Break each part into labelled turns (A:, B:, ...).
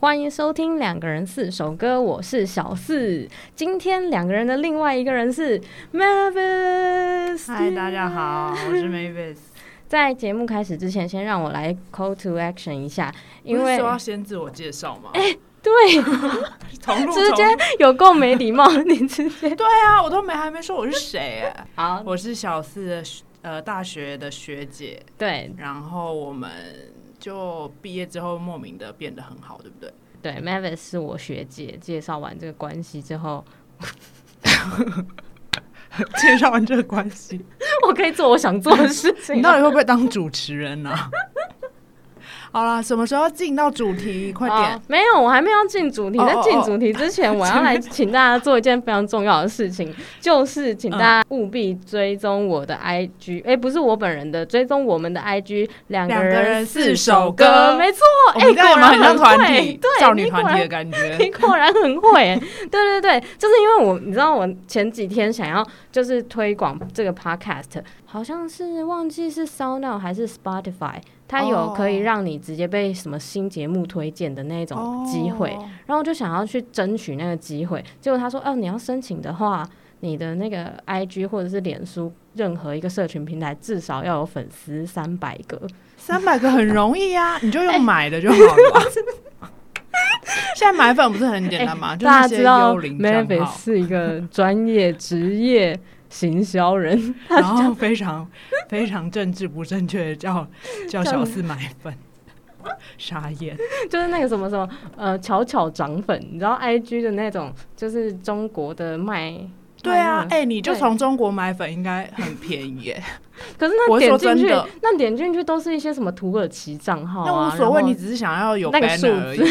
A: 歡迎收聽《兩個人四首歌》，我是小四。今天兩個人的另外一個人是 Mavis。嗨，大家好，我是 Mavis。 在節目開始之前，先讓我來 Call to Action 一下，因為說要
B: 先自我介紹嘛？哎、欸，對，
A: 直接有夠沒禮貌， 你直
B: 接。對啊，我都沒還沒說我是誰哎、啊。 好，我是小四的呃大學的學姐。對，然後我們。就畢業之後，莫名的變得很好，對不對？對
A: ，Mavis 是我學姐，介紹完這個關係之後，
B: 介紹完這個關係， 我可以做我想做的事情。 你到底會不會當主持人呢、啊？好啦，什麼時候要進到主題？快點！沒有，我還沒有
A: 進主題。在進主題之前，我要來請大家做一件非常重要的事情，就是請大家務必追蹤我的 IG。誒，不是我本人的，追蹤我們的 IG。兩
B: 個人四首歌，沒錯。誒，果然很會，對，少女團體的感
A: 覺，你果然很會。對對對，就是因為我，你知道，我前幾天想要就是推廣這個 Podcast，好像是忘記是 SoundOn 還是 Spotify。他有可以讓你直接被什麼新節目推薦的那種機會，oh. 然後就想要去爭取那個機會。結果他說：“哦、呃，你要申請的話，你的那個 IG 或者是臉書任何一個社群平台，至少要有粉絲三百個。
B: 三百個很容易呀、啊， 你就用買的就好了。哎” 現在買粉不是很簡單嗎？欸、大家知道 Mavis 是一個專業職業行銷人， 然後非常非常政治不正確的叫叫小四買粉， 傻眼，
A: 就是那個什麼什麼呃巧巧漲粉，你知道 IG 的那種，就是中國的賣。對啊，哎、欸，你就從
B: 中國買粉應該很便宜、欸。
A: 對 可是那點進去， 那點進去都
B: 是一些什麼土耳其賬號、啊？那無所謂，你只是想要有那個數字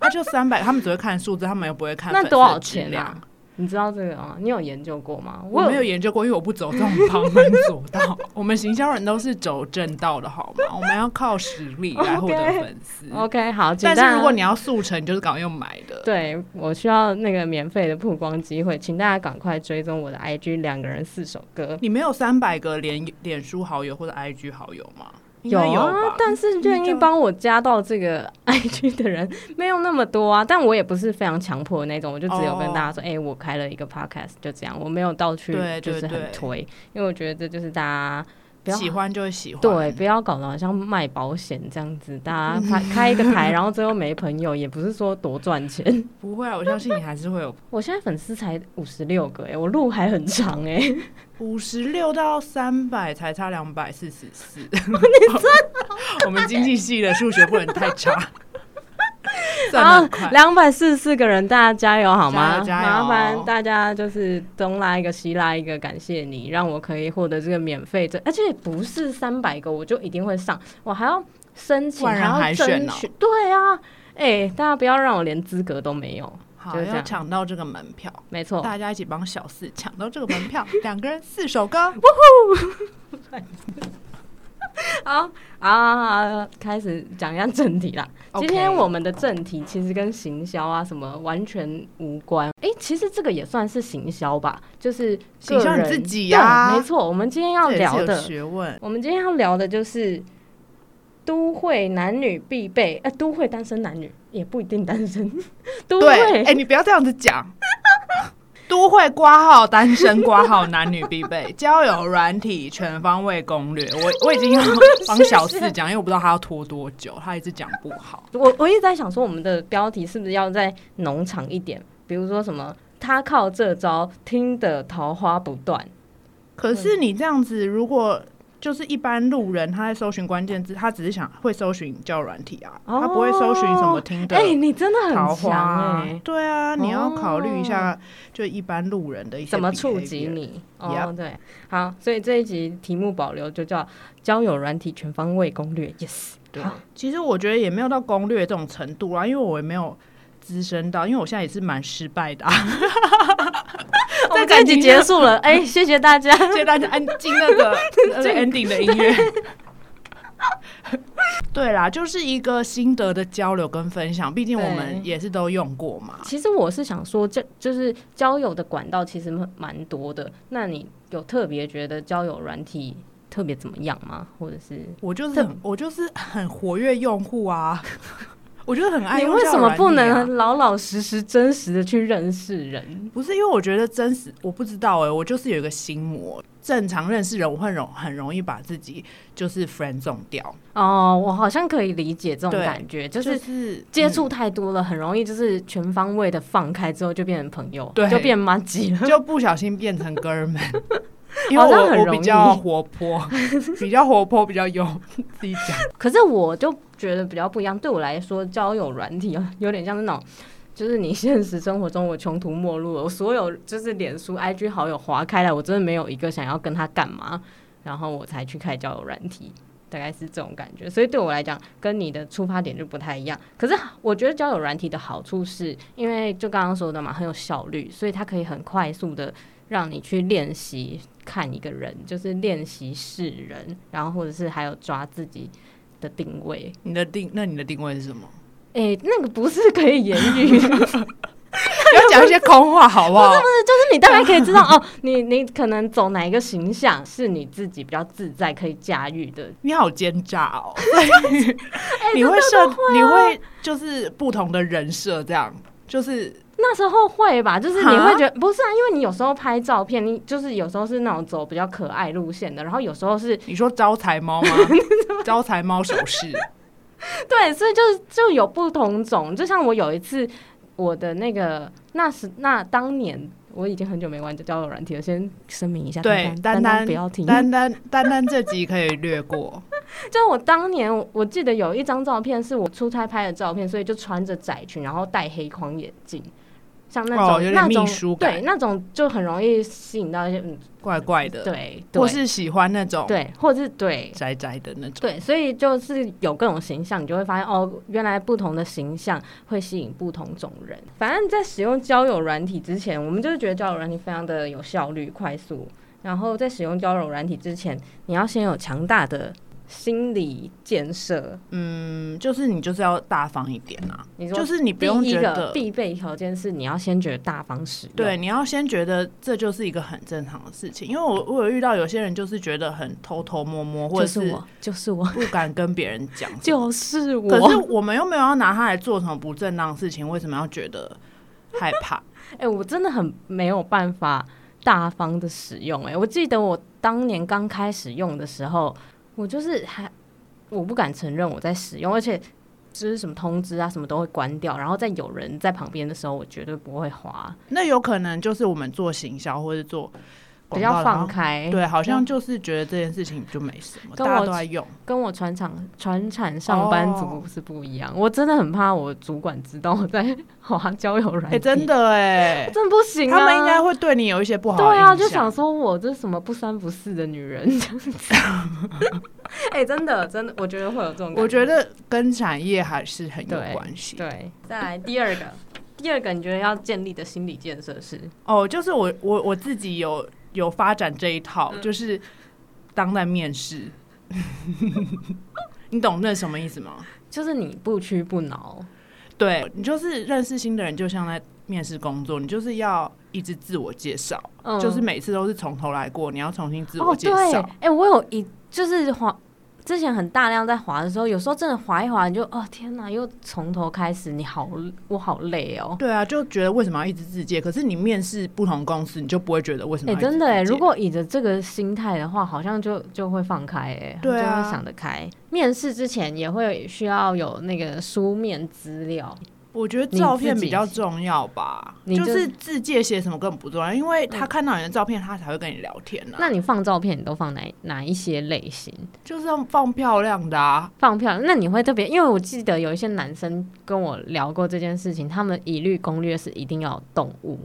B: 啊， 就三百，他們只會看數字，他們又不會看粉絲數量。那多少錢呀、啊？你知道這個嗎？你有研究過嗎？我沒有研究過，因為我不走這種旁門左道。 我們行銷人都是走正道的好嗎？我們要靠實力來獲得粉絲。Okay, OK，好，啊、但是如果你要速成，你就是趕快用買的。對，
A: 我需要那個免費的曝光機會，請大家趕
B: 快追蹤我的 IG。兩個人四首歌，你沒有三百個臉臉書好友或者 IG 好友嗎？
A: 有啊，
B: 但是願意幫
A: 我加到這個 IG 的人沒有那麼多啊。但我也不是非常強迫的那種，我就只有跟大家說，哎、欸，我開了一個 Podcast，就這樣，我沒有到去就是很推，對對對，因為我覺得這就是大家。喜歡就喜歡，對，不要搞得好像賣保險這樣子，嗯、大家開開一個台，然後最後沒朋
B: 友， 也不是說多賺錢，不會啊，我相信你還是會有。 我現在粉絲才五十六個哎、欸，我路還很長哎、欸，五十六到三百才差兩百四十四， 你真的？我們經濟系的數學不能太差。
A: 啊！兩百四十四個人，大家加油好嗎？麻煩大家就是東拉一個西拉一個，感謝你讓我可以獲得這個免費的。而且不是三百個我就一定會上，我還要申請然後爭取。還還選。對啊、欸，
B: 大家不要讓我連資格都沒有，好、啊、就要搶到這個門票，沒錯錯，大家一起幫小四搶到這個門票，兩 個人四首歌，嗚哇呼
A: 好，啊啊！開始講一下正題啦。Okay. 今天我們的正題其實跟行銷啊什麼完全無關。哎、欸，其實這個也算是行銷吧，就是行銷你自己呀、啊。沒錯，我們今天要聊的學問，我們今天要聊的就是都會男女必備。哎、欸，都會單身男女也不一定單身。
B: 都會，哎、欸，你不要這樣子講。 都會括號，單身括號，男女必備 交友軟體全方位攻略。我我已經要幫小四講，因為我不知道他要拖多久，他一直講不好。我我一直在想說，我們的
A: 標題是不是要再農場一點？比如說什麼，他靠這招，聽
B: 得桃花不斷。可是你這樣子，如果。就是一般路人，他在搜尋關鍵字，嗯、他只是想會搜尋交友軟體啊，哦、他不會搜尋什麼聽的。哎、欸，你真的很強哎、欸！對啊，哦、你要考慮一下，就一般路人的
A: 一些人怎麼觸及你。哦，Yeah. 對，好，所以這一集題目保留就叫交
B: 友軟體全方位攻略。Yes，對。啊、其實我覺得也沒有到攻略這種程度啊，因為我也沒有資深到，因為我現在也是蠻失敗的、啊。 這
A: 個已經結束了，哎、 欸，謝謝大家，謝謝大家安靜那個最 ending 的音
B: 樂。 對啦，就是一個心得的交流跟分享，畢竟我們也是都用過嘛。其實我是想說，這就，就是交友的管道，其實
A: 蠻多的。那你有特別覺得交友軟體特別怎麼樣嗎？或者是我
B: 就是很，我就是很活躍用戶啊。 我覺得很愛、啊。你為什麼不能老老實實、真實的去認識人？不是因為我覺得真實，我不知道哎、欸，我就是有一個心魔。正常認識人，我會容很容易把自己就是 friend zone 掉。
A: 哦，oh, 我好像可以理解這種感覺，對就是是接觸太多了，嗯、很容易就是全方位的放開之後就變成朋友，對，就變麻吉了，就不小心變成哥
B: 們。 好像、哦、很容易比較活潑，
A: 比較活潑，比較有自己講。 可是我就。覺得比較不一樣。對我來說，交友軟體有點像那種，就是你現實生活中我窮途末路了，我所有就是臉書、IG 好友滑開了，我真的沒有一個想要跟他幹嘛，然後我才去開交友軟體，大概是這種感覺。所以對我來講，跟你的出發點就不太一樣。可是我覺得交友軟體的好處，是因為就剛剛說的嘛，很有效率，所以它可以很快速的讓你去練習看一個人，就是練習識人，然後或者是還有抓自己的定位，
B: 你的定，那你的定位是什麼？
A: 哎、欸，那個不
B: 是可以言語，
A: 要講一些空
B: 話好不好？不是，
A: 就是你大概可以知道 哦，你你可能走哪一個形象是你自己比較自在可以駕馭的。
B: 你好奸詐哦！你會設， 欸會啊、你會就是不同的人設，這樣就是。那時候會吧，就是你會覺得蛤不是啊，因為你有時候
A: 拍照片，你就是有時候是那種走比較可愛路線的，然後有時候是你說招財貓嗎？ 嗎，招財貓手勢對，所以就就有不同種。就像我有一次，我的那個那時那當年我已經很久沒玩
B: 交友軟體了，先聲明一下，對，單單不要聽，單單單單這集可以略過。 就
A: 是我當年，我記得有一張照片是我出差拍的照片，所以就穿着窄裙，然後戴黑框眼鏡。像那種，哦，有點秘書感。那種對，那種就很容易吸引到一些、嗯、怪怪的，對，或是喜歡那種，對，或是對宅宅的那種。對，所以就是有各種形象，你就會發現哦，原來不同的形象會吸引不同種人。反正，在使用交友軟體之前，我們就是覺得交友軟體非常的有效率、快速。然後，在使用交友軟體之前，你要先有強大的。心理建設，嗯，就是你就是要大方一點啊。你就是你不用覺得，必
B: 備條件是你要先覺得大方使用，對，你要先覺得這就是一個很正常的事情。因為我我有遇到有些人就是覺得很偷偷摸摸，或者是就是我不敢跟別人講，就是我。可是我們又沒有要拿它來做什麼不正當的事情，為什麼要覺得害怕？哎、 欸，我真的很沒有辦法
A: 大方的使用、欸。哎，我記得我當年剛開始用的時候。我就是還，我不敢承認我在使用，而且就是什麼通知啊，什麼都會關
B: 掉，然後在有人在旁邊的時候，我絕對不會滑。那有可能就是我們做行銷或者做。比較放開，對，好像就是覺得這件事情就沒什麼，大家都在用，
A: 跟我船廠船廠上班族是不一樣。我真的很怕我主管
B: 知道我在玩交友軟件，真的哎，真不行。他們應該會對你有一些不好。對啊，就想說我這什麼不三不四的女人，
A: 哎，真的，真的，我覺得會有這種。我覺得
B: 跟產業還是很有關係。對，
A: 再來第二個，第二個你覺得要建立的心理建設是？
B: 哦，就是我我我自己有。有發展這一套，就是當在面試，嗯、 你懂那什麼意思嗎？
A: 就是你不屈不撓，
B: 對，你就是認識新的人，就像在面試工作，你就是要一直自我介紹，嗯、就是每次都是從頭來過，你要重新自我介紹。哎、
A: 哦欸，我有一就是黃。之前很大量在滑的時候，有時候真的滑一滑，你就哦天哪，又從頭開始，你好，我好累哦。
B: 對啊，就覺得為什麼要一直自薦？可是你面試不同公司，你就不會覺得為什麼要？哎、欸，真的哎、欸，
A: 如果以着這個心態的話，好像就就會放開哎、欸，對啊、就會想得開。面試之前也會需要有那個書面資料。
B: 我覺得照片比較重要吧，自己就,就是自介寫什麼根本不重要，因為他看到你的照片，他才會跟你聊天的、啊嗯。
A: 那你放照片，你都放哪哪一些類型？
B: 就是要放漂亮的、啊，放漂亮。那你
A: 會特別，因為我記得有一些男生跟我聊過這件事情，他們一律攻略是一定要有動物，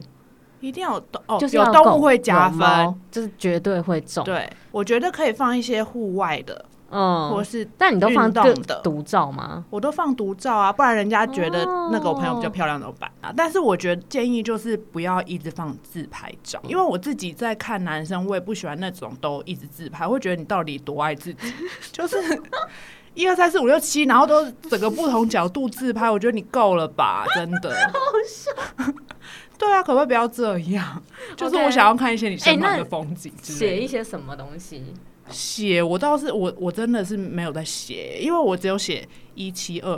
B: 一定要動哦，有動物會加分，就是
A: 絕對會中。對，
B: 我覺得可以放一些戶外的。嗯，或是但你都放更的獨照嗎？我都放獨照啊，不然人家覺得那個我朋友比較漂亮的版啊？Oh. 但是我覺得建議就是不要一直放自拍照，因為我自己在看男生，我也不喜歡那種都一直自拍，會覺得你到底多愛自己？ 就是一二三四五六七，然後都整個不同角度自拍， 我覺得你夠了吧？真的，好笑。對啊，可不可以不要這樣？Okay. 就是我想要看一些你身旁的風景之類的，寫、欸、一
A: 些什麼東西。
B: 寫我倒是我我真的是沒有在寫，因為我只有寫一七二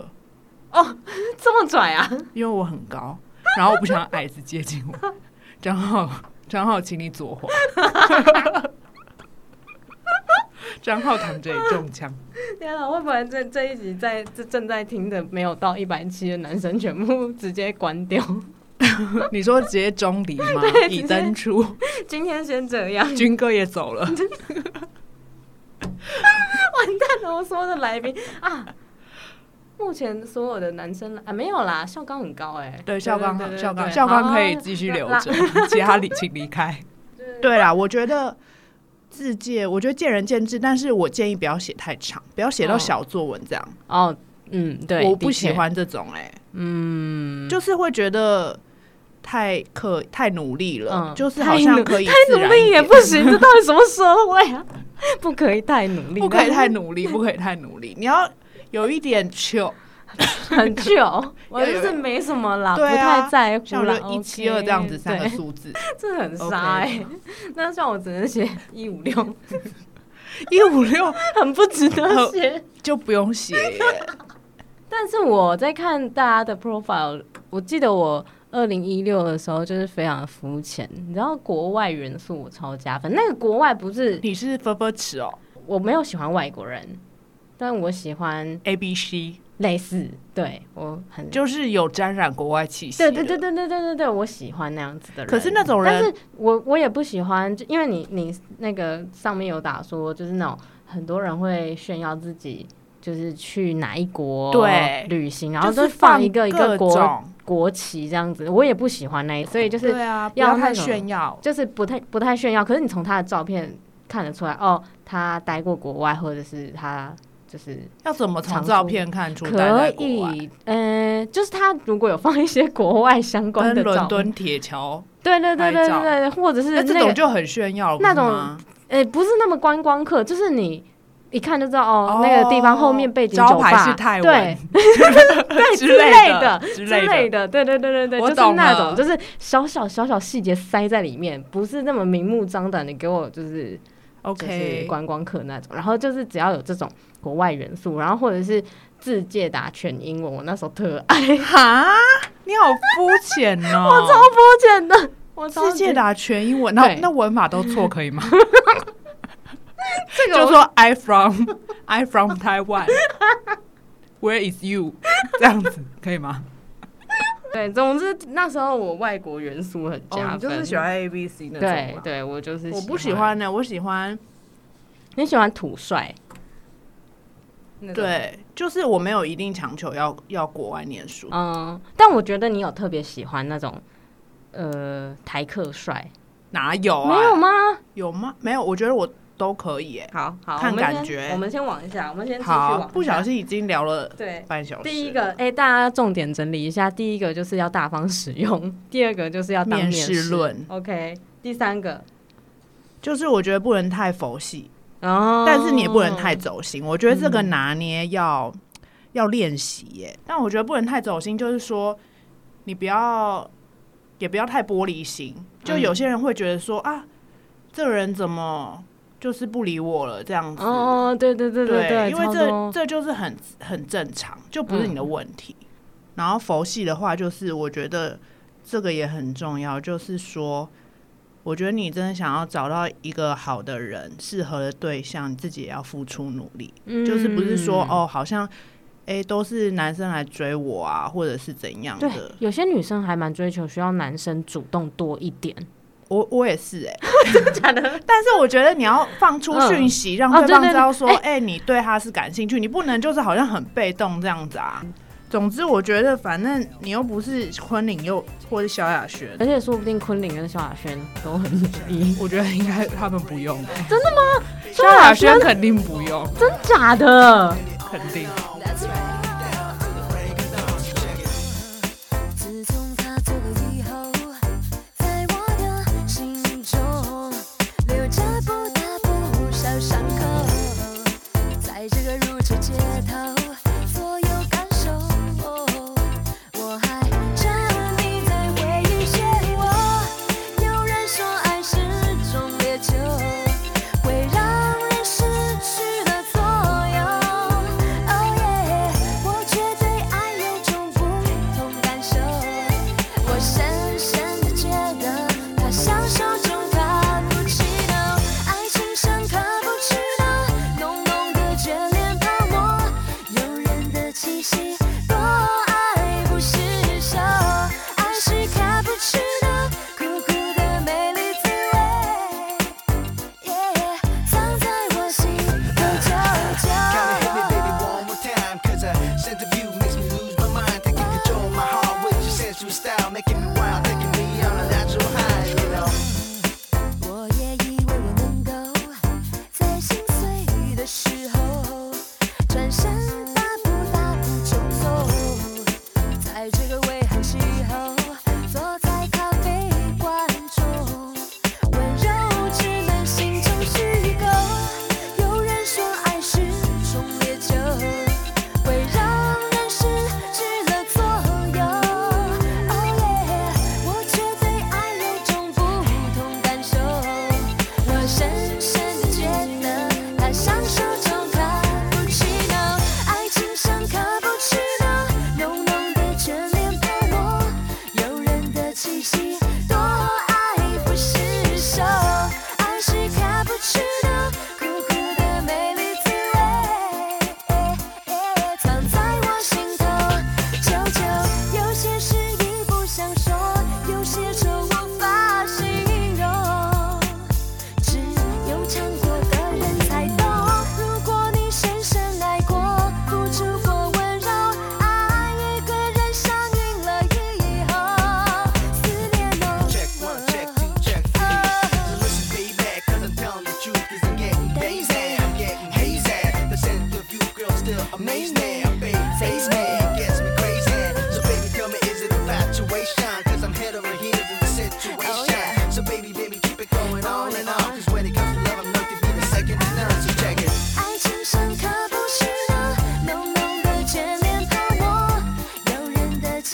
B: 哦，這麼拽啊！因為我很高，然後我不想矮子接近我。張 浩，張浩，請你左滑。張 浩，躺著也中槍！
A: 天哪、啊，我本來這這一集在正正在聽的，沒有到一百七的男生全
B: 部直接關掉。 你說直接中離嗎？已登出，
A: 今天先這樣。軍
B: 哥也走了。
A: 所有的來賓啊，目前所有的男生啊，沒有啦，校剛很高哎，對，校剛、校剛、校剛可以繼續留着，其他禮
B: 請離開。對啦，我覺得自介，我覺得見仁見智，但是我建議不要寫太長，不要寫到小作文這樣。哦，嗯，對，我不喜歡這種哎，嗯，就是會覺得太刻太努力了，就是好像可以太努力也不行，這到底什麼社會啊？不可以太努力，不可以太努力，不可以太努力。你要有一點 chill，很 chill。 我就是
A: 沒什麼啦，對啊、不太在乎了。一七二這樣子三個數字，
B: 這很殺哎。那像我只能寫一五六，一五六很不值得寫， 就不用寫、欸。
A: 但是我在看大家的 profile，我記得我。二零一六的時候就是非常膚淺，你知道國外元素我超加分。那個國外不是你是波波池哦，我沒有喜歡外國人，但我喜歡 A B C 類似，對我很就是有沾染國外氣息。對對對對對對對，對，我喜歡那樣子的人。可是那種人，但是我我也不喜歡，就因為你你那個上面有打說，就是那種很多人會炫耀自己。就是去哪一國對旅行，對，然後都放一個一個國國旗這樣子，我也不喜歡那一種，所以就是、啊、要，不要太炫耀，就是不太不太炫耀。可是你從他的照片看得出來哦，他待過國外，或者是他就是要怎麼從照片看出來？可以，嗯，就是他如果有放一些國外相關的照片，倫敦
B: 鐵橋，對對對對對，或者是、那個、這種就很炫耀，那種哎、
A: 呃，不是那麼觀光客，就是你。一看就知道哦，那個地方後面背景招牌是泰文，對
B: 之類的之
A: 類的，對對對對對，就是那種，就是小小小小細節塞在裡面，不是那麼明目張膽。你給我就是 OK 觀光客那種，然後就是只要有這種國外元素，然後或者是自介打全英文，我那時候特愛。哈，
B: 你好膚淺
C: 哦，我超膚淺的，我自介打
B: 全英文，那那文法都錯可以嗎？這個就說 I from I from Taiwan，Where is you？ 這樣子可以嗎？
A: 對，總之那時候我外國元素很加分，oh, 就是喜歡 A B C 那種對。對，對我
B: 就是我不喜歡呢，我喜歡
A: 你喜歡土帥。
B: 種對，就是我沒有一定強求要要國外念書。嗯，
A: 但我覺得你有特別喜歡那種呃台客帥，哪有啊？沒有
B: 嗎？有嗎？沒有，我覺得我。都可以、欸好，好好看感覺我。我們先往一下，我們先繼續好，不小心已經聊了對半小時。第一個，
A: 哎、欸，大家重點整理一下。第一個就是要
B: 大方使用，
A: 第二個就是要面試論，OK。第三個
B: 就是我覺得不能太佛系，oh、但是你也不能太走心。我覺得這個拿捏要、嗯、要練習耶，但我覺得不能太走心，就是說你不要也不要太玻璃心。就有些人會覺得說、嗯、啊，這個人怎麼？就是不理我了這樣子。哦，對對對對對，因為這這就是很很正常，就不是你的問題。然後佛系的話，就是我覺得這個也很重要，就是說，我覺得你真的想要找到一個好的人，適合的對象，你自己也要付出努力。就是不是說哦，好像哎，欸，都是男生來追我啊，或者是怎樣的？有些女生還蠻追求需要男生主動多一點。我我也是哎，真的假的？但是我覺得你要放出訊息，讓對方知道說，哎，你對他是感興趣，你不能就是好像很被動這樣子啊。總之，我覺得反正你又不是昆凌又或是蕭亞軒，而且說不定昆凌跟蕭亞軒都
A: 很，
B: 我覺得應該他們不用。真
C: 的嗎？蕭亞軒肯定
B: 不用，真假的？
D: 肯定。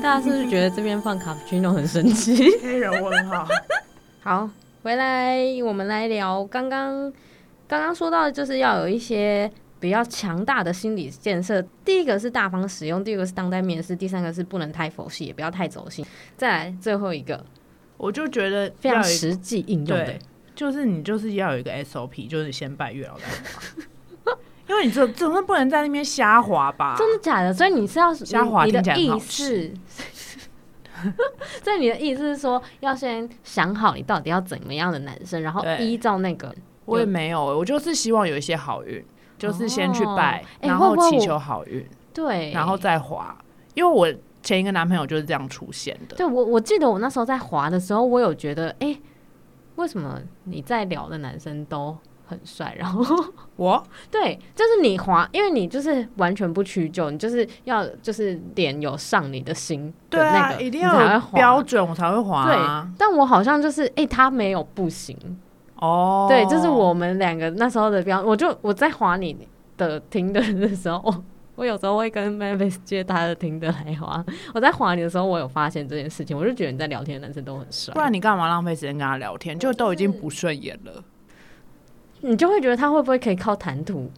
C: 大家
E: 是不
A: 是覺得這邊放卡布奇諾很神奇？黑、哎、人問號。 好，回來我們來聊剛剛剛剛說到的，就是要有一些比較強大的心理建設。第一個是大方使用，第二個是當代面試，第三個是不能太佛
B: 系，也不要太走心。再來最後一個，我就覺得非常實際應用的，對，就是你就是要有一個 SOP，就是先拜月老再滑， 因為你說怎麼不能在那邊瞎滑吧？真的假的？所以你是要瞎滑的意思？
A: 所以 你的意思是說，要先想好你到底要怎麼樣的
B: 男生，然後依照那個，我也沒有，我就是希望有一些好運，就是先去拜，oh, 然後祈求好運，欸，對，然後再滑。因為我前一個男朋友就是這樣出現的。
A: 對我，我記得我那時候在滑的時候，我有覺得，哎，欸，為什麼你在聊的男生都很帥，然後我對，就是你滑，因為你就是完全不屈就，你就是要就是臉有上你的心的、那個，對啊，一定要才會滑，標準我才會滑、啊，對。但我好像就是，誒、欸，他沒有不
B: 行哦，oh、對，這、就是我
A: 們兩個那時候的標準，我就我在滑你的 Tinder 的時候，我有時候會跟 Mavis 借他的 Tinder 來滑，我在滑你的
B: 時候，我有發現這件事情，我就覺得你在聊天的男生都很帥，不然你幹嘛浪費時間跟他聊天，就都已經不順眼了。
A: 你就會覺得他會不會可以靠談吐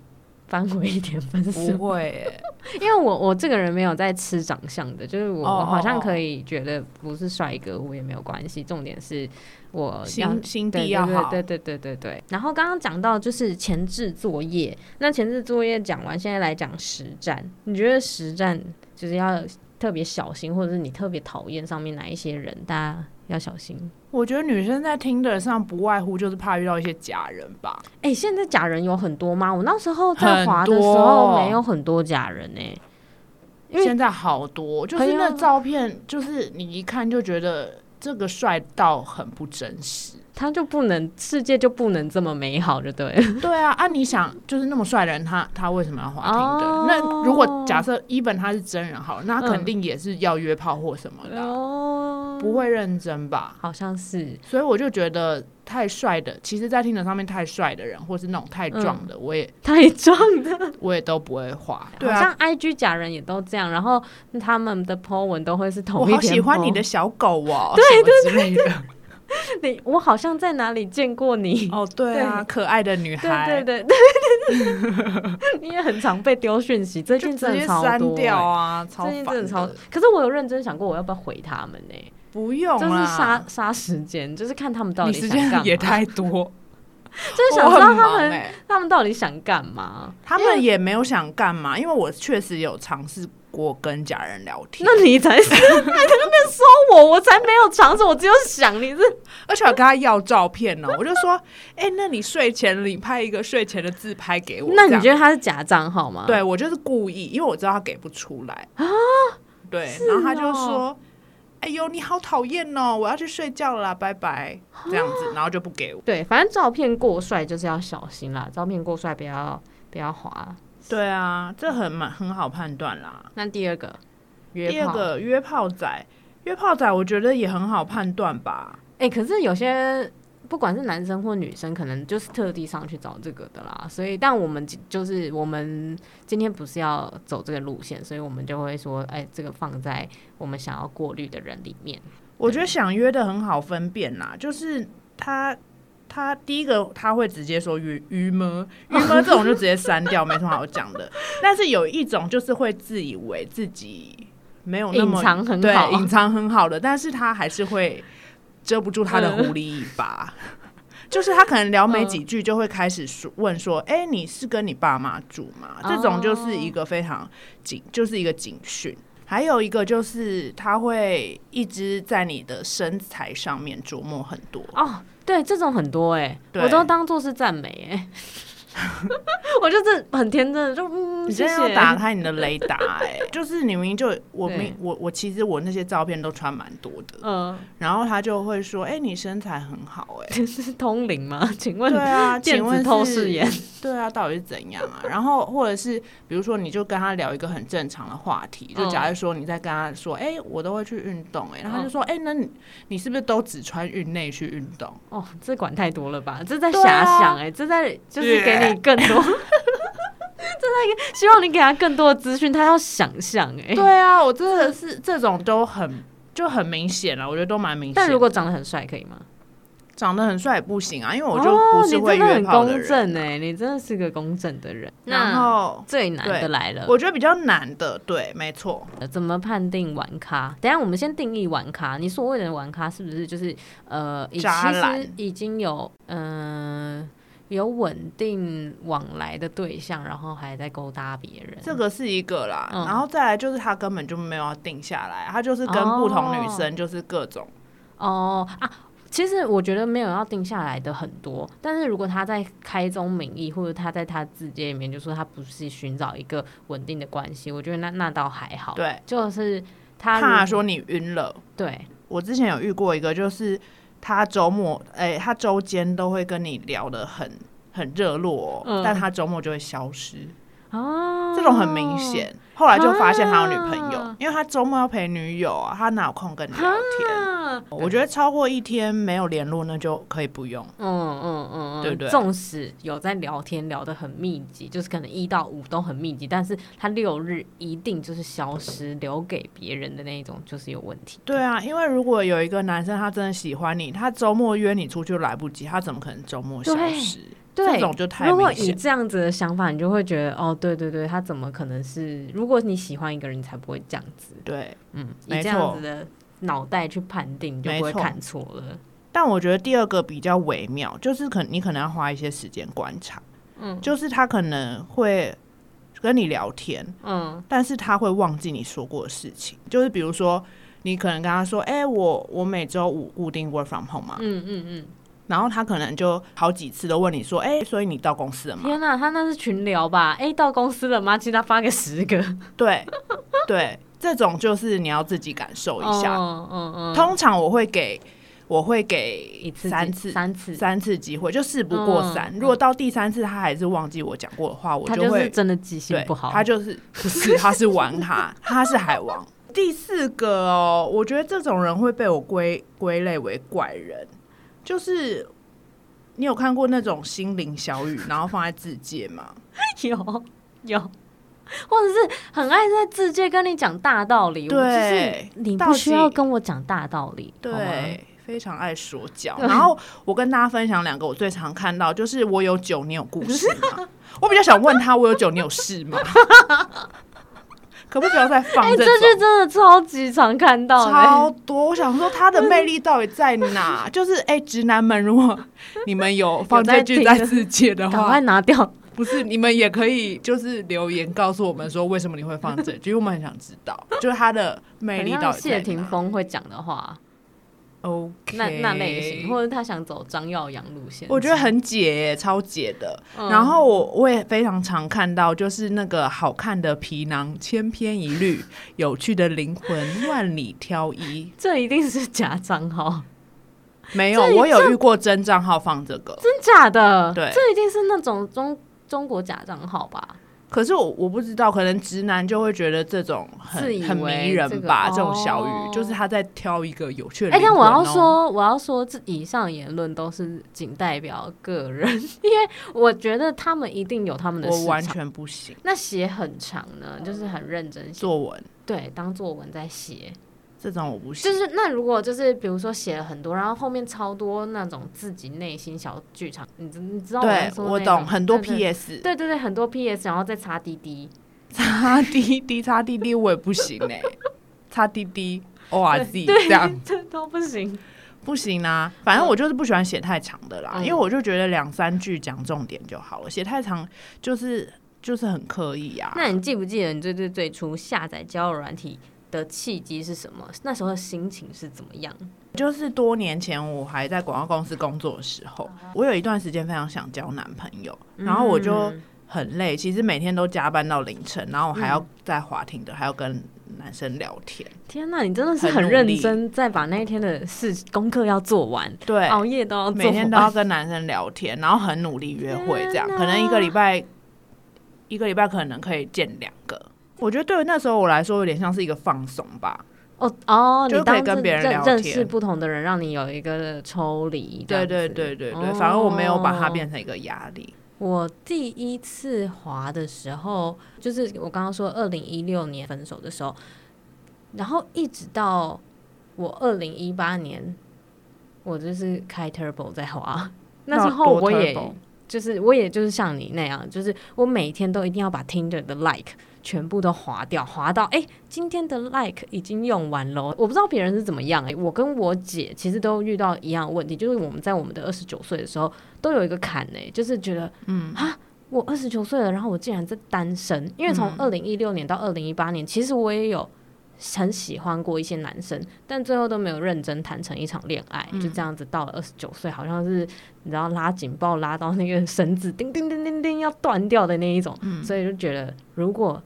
A: 扳回一點分數？不會， 因為我我這個人沒有在吃長相的，就是我，我好像可以覺得不是帥哥，我也沒有關係。重點是我要心，心地要好，對對對對，對對對對對。然後剛剛講到就是前置作業，那前置作業
B: 講完，現在來
A: 講實戰。你覺得實戰就是要特別小心，或者是你特別討厭上面哪一些人？大家要小心。
B: 我覺得女生在 Tinder 上不外乎就是怕遇到一些假人吧。哎、欸，現在假人有很多嗎？我那時候在滑的時候沒有
A: 很多假人呢、欸，
B: 多為現在好多，就是那照片，就是你一看就覺得這個帥到很不真實。他就不能，世界就不能這麼美好，的對。對啊，啊，你想，就是那麼帥的人，他他為什麼要滑聽的？Oh、那如果假設伊本他是真人好了，那他肯定也是要約炮或什麼的、啊，oh、不會認真吧？好像是。所以我就覺得太帥的，其實在聽的上面太帥的人，或是那種太壯的，我也太壯的，oh、我也都不會滑。對啊，好
A: 像 IG 假人也都這樣，然後他們的 po 文都會是同一篇。我好喜歡你的小
B: 狗哦，對對對的。
A: 你我好像在哪裡見過你哦，對啊，對對對對可愛的女孩，對對對，你也很常被丟訊息， 最近真的超多、欸、直接刪掉啊，超煩的。最近真的超。可是我有認真想過，我要不要回他們呢、欸？不用就是殺殺時間，就是看他們到底想幹嘛。你時間也太
B: 多， 就是想知道他們、欸、他們到底想幹嘛。他們也沒有想幹嘛，因為,因為我確實有嘗試過。過跟家人聊天，那你才是他 在那邊說我，我才沒有藏着，我只有想你是， 而且我跟他要照片呢，我就說，哎、欸，那你睡前你拍一個睡前的自拍給我，那你覺得他是假賬號嗎？對，我就是故意，因為我知道他給不出來啊。對，然後他就說，哦、哎呦，你好討厭哦，我要去睡覺了啦，拜拜，這樣子，然後就不給我。
A: 啊、對，反正照片過帥就是要小心啦，照片過帥不要不要滑。
B: 對啊，這很蠻很好判斷啦。那第二個，第二個約炮仔，約炮仔我覺得也很好判斷吧？
A: 欸，可是有些不管是男生或女生，可能就是特地上去找這個的啦。所以，但我們就是我們今天不是要走這個路線，所以我們就會說，欸，這個放在我們想要
B: 過濾的人裡面。我覺得想約的很好分辨啦，就是他。他第一個他會直接說愚愚嗎？愚這種就直接刪掉， 沒什麼好講的。但是有一種就是會自以為自己沒有那麼隱藏很好，對，隱藏很好的，但是他還是會遮不住他的狐狸尾巴。嗯、就是他可能聊沒幾句就會開始說、嗯、問說：“哎、欸，你是跟你爸媽住嗎？”這種就是一個非常警，哦、就是一個警訊。還有一個就是他會一直在你的身材上面琢磨很多、哦對，這種很多誒、欸、對我都當做是贊美誒、欸。
A: 我就是很天真，的，就
B: 嗚嗚謝謝你先要打開你的雷達哎、欸， 就是你明明就我明我我其實我那些照片都穿蠻多的，嗯對，然後他就會說，哎、欸，你身材很好、欸，哎，這是通靈嗎？請問對啊，請問透視眼對啊，到底是怎樣啊？ 然後或者是比如說，你就跟他聊一個很正常的話題， 就假如說你在跟他說，哎、欸，我都會去運動、欸，哎、嗯，然後他就說，哎、欸，那你你是不是都只穿運內去運動？哦，這管太多了吧？
A: 這在遐想、欸，哎、啊，這在就是給。
C: 更多，
B: 真的希望你給他更多的資訊，他要想象哎。對啊，我真的是這種都很就很明顯了，我覺得都蠻明顯。但如果長得很帥，可以嗎？長得很帥也不行啊，因為我就不是會約炮的人啊。哦，你真的很公正
A: 欸。哎，你真的是個公正的人。然後
B: 最難的來了，我覺得比較難的，對，沒錯。怎麼判定玩咖？等下我
A: 們先定義玩咖。你所謂的玩咖，是不是就是呃，其實已經有嗯。
B: 呃有穩定往來的對象，然後還在勾搭別人，這個是一個啦。嗯、然後再來就是他根本就沒有要定下來，他就是跟不同女生就是各種。
A: 哦，哦啊，其實我覺得沒有要定下來的很多，但是如果他在開宗明義或者他在他自己裡面就是說他不是尋找一個穩定的關係，我覺得那那倒還好。對，
B: 就是他怕說你暈了。對，我之前有遇過一個就是。他周末，哎、欸，他周間都會跟你聊得很很熱絡哦，嗯，但他周末就會消失。哦，啊、這種很明顯，後來就發現他有女朋友，啊、因為他周末要陪女友啊，他哪有空跟你聊
C: 天？
B: 啊、我覺得超過一天沒有聯絡，那就可以不用。嗯
A: 嗯嗯，嗯嗯嗯對不對？縱使有在聊天，聊得很密集，就是可能一到五都很密集，但是他六日一定就是消失，留給別人的那一種，就是有問
B: 題。對啊，因為如果有一個男生他真的喜歡你，他周末約你出去來不及，他怎麼可能周末消失？對，這種就太了，如果你這
A: 樣子的想法，你就會覺得哦，對對對，他怎麼可能是？如果你喜歡一個人，才不會這樣子。對，嗯，沒錯，以這樣子的腦袋去判定，就不會看錯
B: 了。但我覺得第二個比較微妙，就是可能你可能要花一些時間觀察。嗯，就是他可能會跟你聊天，嗯，但是他會忘記你說過的事情。就是比如說，你可能跟他說，哎、欸，我我每周五固定 work from home 嗎？
C: 嗯嗯嗯。嗯嗯
B: 然後他可能就好幾次都問你說，哎，所以你到公司了嗎？天哪，他那是群聊吧？哎，到公司了嗎？其他發個十個，對 對，這種就是你要自己感受一下。哦嗯嗯、通常我會給，我會給次一次、三次、三次、三次機會，就事不過三。嗯、如果到第三次他還是忘記我講過的話，嗯、我就會他就是真的記性不好。他就是不是，他是玩咖， 他是海王。 第四個哦，我覺得這種人會被我歸歸類為怪人。就是你有看過那種心靈小語》，然後放在自介嗎？ 有有，或者是很愛在自介跟你講大道理。對，我就是你不需要跟我講大道理。底嗎對，非常愛說教。然後我跟大家分享兩個我最常看到，就是我有酒，你有故事嗎？ 我比較想問他，我有酒，你有事嗎？ 可不可以再放？哎、欸，這句真的超級常看到的、欸，超多。我想說，他的魅力到底在哪？ 就是，哎、欸，直男們，如果你們有放這句在自介的話，趕快拿掉。不是，你們也可以，就是留言告訴我們說，為什麼你會放這句？ 因為我們很想知道，就是他的魅力到底在哪？像謝霆鋒會講的話。O Okay ,
A: K，那，那那類型，或者他想走張耀揚路線，我覺得很假
B: 欸，超假的。嗯，然後我我也非常常看到，就是那個好看的皮囊千篇一律， 有趣的靈魂萬里挑一。這一定是假賬號，沒有這我有遇過真賬號放這個，真假的？對，這
A: 一定是那種中中國假賬號吧。
B: 可是我我不知道，可能直男就會覺得這種很自以為很迷人吧，這個、這種小語、哦、就是他在挑一個有趣的、哦。哎、欸，但我要說，
A: 我要說這以上言論都是僅代表個人，因為我覺得他們一定有他們的。我完全不行。那寫很長呢，就是很認真寫作文，對，當作文在寫。
B: 這種我不行，
A: 就是那如果就是比如說寫了很多，然後後面超多那種自己內心小劇場，你你知道嗎？對，我懂很多 P S，對對對，很多 P S，然後再插滴滴，
B: 插滴滴，插滴滴，我也不行嘞、欸， 插滴滴，ORZ，這樣這都不行，不行啊！反正我就是不喜歡寫太長的啦，嗯、因為我就覺得兩三句講重點就好了，寫太長就是就是很刻意啊。那你記不記得你最最最初下載交友軟體？的契機是什麼？那時候
A: 的心情是怎麼樣？
B: 就是多年前我還在廣告公司工作的時候，我有一段時間非常想交男朋友，嗯、然後我就很累，其實每天都加班到凌晨，然後我還要在滑 Tinder，嗯、還要跟男生聊天。
A: 天哪，你真的是很認
B: 真，在把那一天的事功課要做完，對，熬夜都要，每天都要跟男生聊天，然後很努力約會，這樣，天哪，可能一個禮拜，一個禮拜可能可以見兩個。我覺得對那時候我來說有點像是一個放鬆吧。哦哦、oh, oh,，你當跟別人認識不同的人，讓你有一個抽離。對對對對對，oh, 反
A: 而我沒有把它變
B: 成一個壓力。
A: 我第一次滑的時候，就是我剛剛說二零一六年分手的時候，然後一直到我二零一八年，我就是開 Turbo 在滑。那,那時候我也多 Turbo? 就是我也就是像你那樣，就是我每天都一定要把 Tinder 的 Like。全部都滑掉，滑到誒、欸。今天的 like 已經用完了。我不知道別人是怎麼樣誒、欸，我跟我姐其實都遇到一樣的問題，就是我們在我們的二十九歲的時候都有一個坎誒、欸，就是覺得嗯啊，我二十九歲了，然後我竟然在單身。因為從二零一六年到二零一八年，嗯、其實我也有。很喜歡過一些男生，但最後都沒有認真談成一場戀愛，嗯、就這樣子到了二十九歲，好像是你知道拉警報拉到那個繩子叮叮叮叮叮，叮要斷掉的那一種，嗯、所以就覺得如果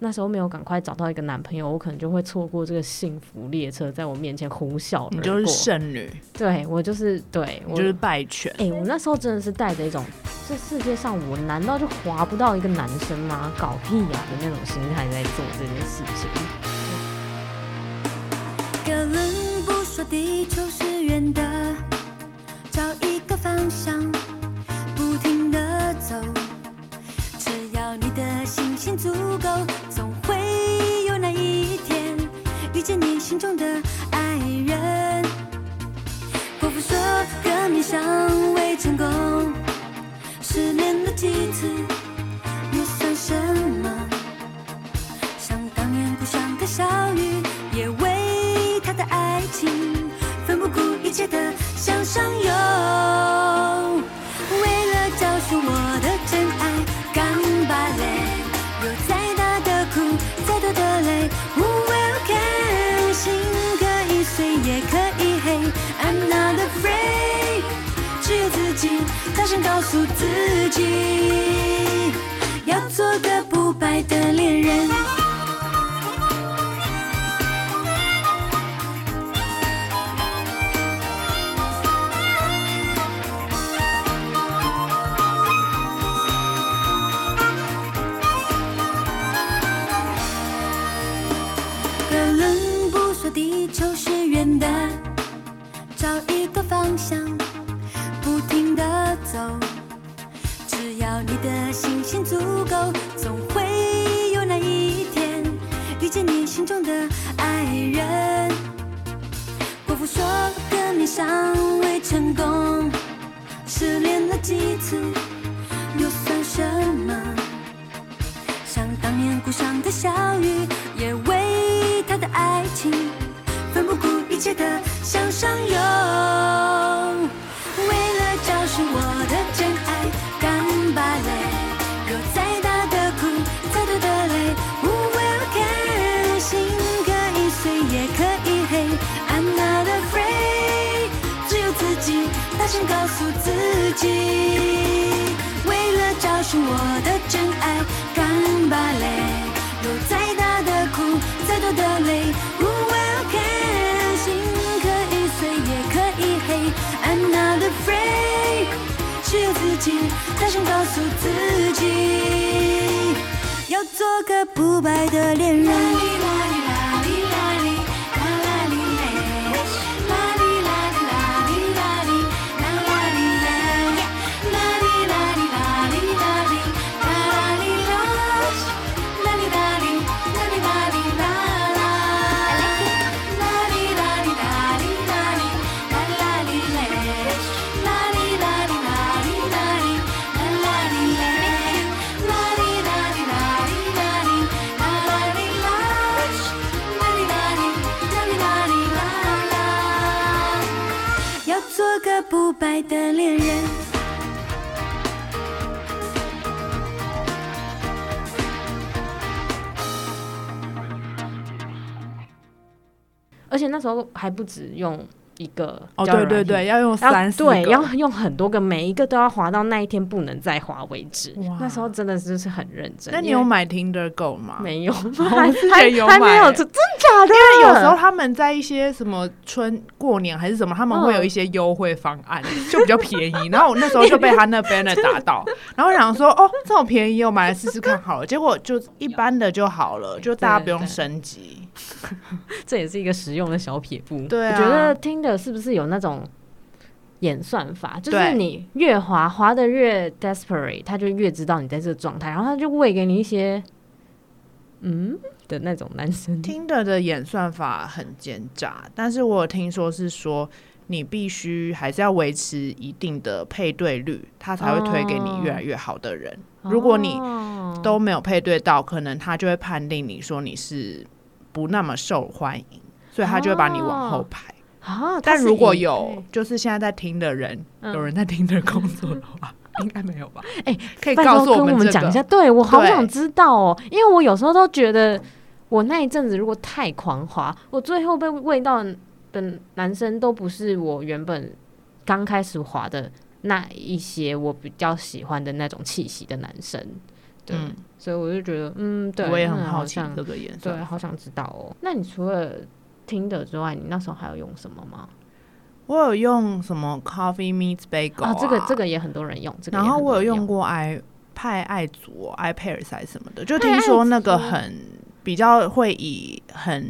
A: 那時候沒有趕快找到一個男朋友，我可能就會錯過這個幸福列車，在我面前呼嘯而過。你就是剩女，對，我就是對，我就是敗犬。哎、欸，我那時候真的是帶着一種這世界上我難道就劃不到一個男生嗎？搞屁呀、啊、的那種心態在做這件事情。
C: 哥倫布說地球是圓的，找一個方向，不停地走，只要你的信心足夠，總會有那一天遇見你心中的愛人。國父說革命尚未成功，失戀了幾次又算什麼？想當年故鄉的小雨。的向上游，為了找尋我的真愛，幹吧嘞！有再大的苦，再多的累，Who will care？心可以碎，夜可以黑，I'm not afraid。只有自己大聲告訴自己，要做個不敗的戀人。
A: 還不止用一個哦，對對對，要用三對，要用很多個，每一個都要劃到那一天不能再劃為止。哇，那時候真的是是很認真。那你有買 Tinder
B: Gold 嗎？沒有，還沒有買？真的假的？因為有時候他們在一些什麼春過年還是什麼，他們會有一些優惠方案，就比較便宜。然後我那時候就被他那 banner 打到，然後想說哦，這麼便宜，我買來試試看好了。結果就一般的就好了，就大家不用升級。 這也是一個實用的小撇步。對啊、我覺得
A: Tinder 是不是有那種演算法？對就是你越滑滑得越 desperate，他就越知道你在這個狀態，然後他就餵給你一些
B: 嗯的那種男生。Tinder 的演算法很奸詐，但是我有聽說是說你必須還是要維持一定的配對率，他才會推給你越來越好的人。Oh. 如果你都沒有配對到，可能他就會判定你說你是。不那麼受歡迎，所以他就會把你往後排。哦、但如果有、哦、是就是現在在聽的人，嗯、有人在聽的人工作的話，嗯、應該沒有吧？哎、 欸，可以告訴我們講、這個、一下。對，我好想知道哦，對
A: 因為我有時候都覺得，我那一陣子如果太狂滑，我最後被問到的男生都不是我原本剛開始滑的那一些我比較喜歡的那種氣息的男生。對嗯，所以我就覺得，嗯，
B: 對我也很好奇好這個顏色，對，好想知道
A: 哦。 那你除了聽的之外，你那
B: 時候還有用什麼嗎？我有用什麼 Coffee Meets Bagel、啊啊、這個這個也很多人用。這個、人用然後我有用過派愛族、iPad a i 什麼的，就聽說那個很比較會以很。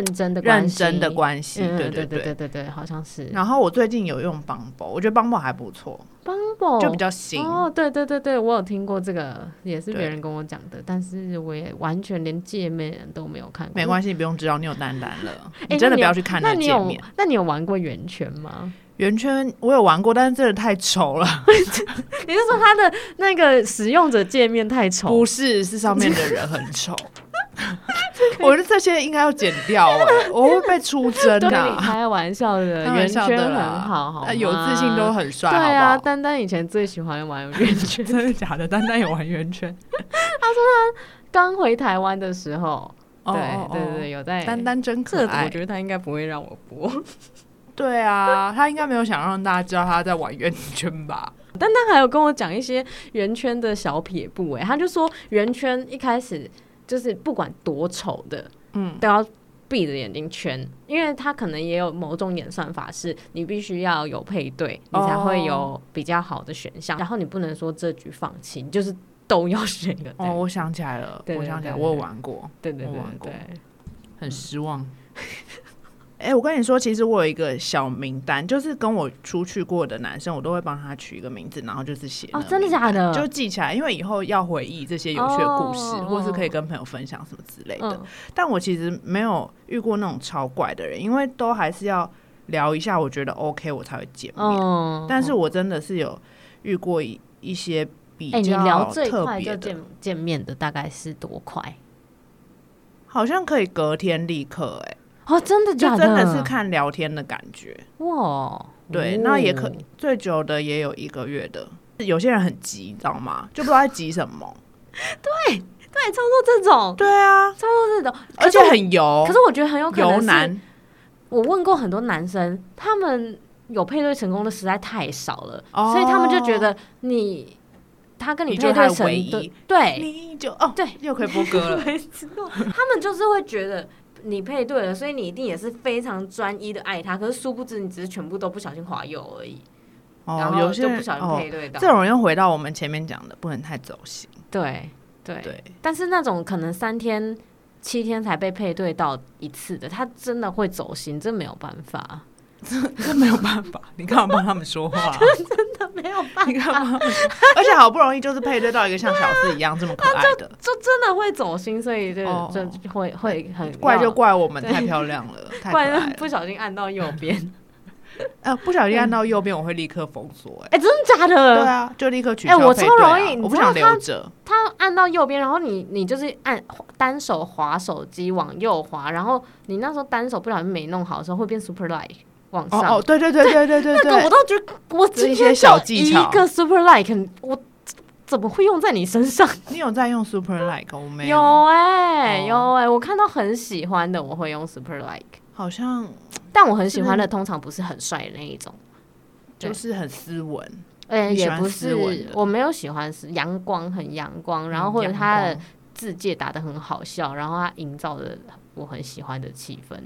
B: 認真的，認真的關係，對對對對對對，好像是。然後我最近有用 Bumble，我覺得 Bumble 還不錯
A: ，Bumble
C: 就比較新。
A: 哦，對對對對，我有聽過這個，也是別人跟我講的，但是我也完全連界面都沒有看過。沒關係，你不用知道，你有丹丹了。你真的不要去看那個界
B: 面。那你有玩過圓圈嗎？圓圈我有玩過，但是真的太醜了。你是說它的那個使用者界面太醜？不是，是上面的人很醜。我覺得這些應該要剪掉啊！我會被出征啊！跟你開玩笑的，圓圈很好，有自信都很帥。對啊，丹丹以
A: 前最喜歡玩圓
B: 圈。真的假的？丹丹有玩圓圈？他
A: 說他剛
B: 回台灣的時候，對對對，有在。丹丹真可愛，我覺得他
A: 應該不會讓我
C: 播。
B: 對啊，他應該沒有想讓大家知道他在玩圓圈吧？
A: 丹丹還有跟我講一些圓圈的小撇步，哎，他就說圓圈一開始，就是不管多醜的，嗯，都要閉着眼睛圈。因為他可能也有某種演算法，是你必須要有配對，哦，你才會有比較好的選項。然後你不能說這局放棄，你就是都要選一個。哦，我想起來了，對對對，我
B: 想起來，我有玩過，對對對，對，對，我玩過，很失望。嗯。哎，欸、我跟你說，其實我有一個小名單，就是跟我出去過的男生，我都會幫他取一個名字，然後就是寫。哦，真的假的？就記起來，因為以後要回憶這些有趣的故事，或是可以跟朋友分享什麼之類的。但我其實沒有遇過那種超怪的人，因為都還是要聊一下，我覺得 OK 我才會見面。嗯，但是我真的是有遇過一一些比較特別的見面的，大概是多快？好像可以隔天立刻哎、欸。
A: 哦，真的就真的是
B: 看聊天的感覺哇！對，那也可最久的也有一個月的，有些人很急，你知道嗎？就不知道在急什麼。對對，操作
A: 這種，對啊，操作這種，而且很油。可是我覺得很有可能，油男，我問過很多男生，他們有配對成功的實在太少了，所以他們就覺得你
B: 他跟你配對回憶。對，你就哦對，又可以播
A: 歌了。他們就是會覺得。你配對了，所以你一定也是非常專一的愛他。可是殊不知，你只是全部都不小心滑右而已。哦，然
B: 後有些不小心配對到。哦，這種人又回到我們前面講的，不能太走心。對對對，
A: 但是那種可能三天、七天才被配對到一次的，他真的會走心，這沒有
B: 辦法。這沒有辦法，你幹嘛幫他們說話？真的沒有辦法。而且好不容易就是配對到一個像小四一樣這麼可愛的，就真的會走心，所以就就會會很怪，就怪我們太漂亮了，怪不小心按到右邊。不小心按到右邊，我會立刻封鎖。哎，真的假的？對啊，就立刻取消配對，我超容易，我不想留着。
A: 他按到右邊，然後你你就是按單手滑手機往右滑，然後你那時候單手不小心沒弄好的時候，會
B: 變 super like。哦哦對對對對對對，那個我倒覺得我今天小到一個 super like，我怎麼會用在你身上？你有在用 super like？我
E: 沒有。
A: 有哎有哎，我看到很喜歡的，我會用 super like。好像，但我很喜歡的通常不是很帥的那一種，
B: 就是很斯文。欸，也不是，
A: 我沒有喜歡是陽光很陽光，然後或者他的字跡打得很好笑，然後他營造的我很喜歡的氣氛，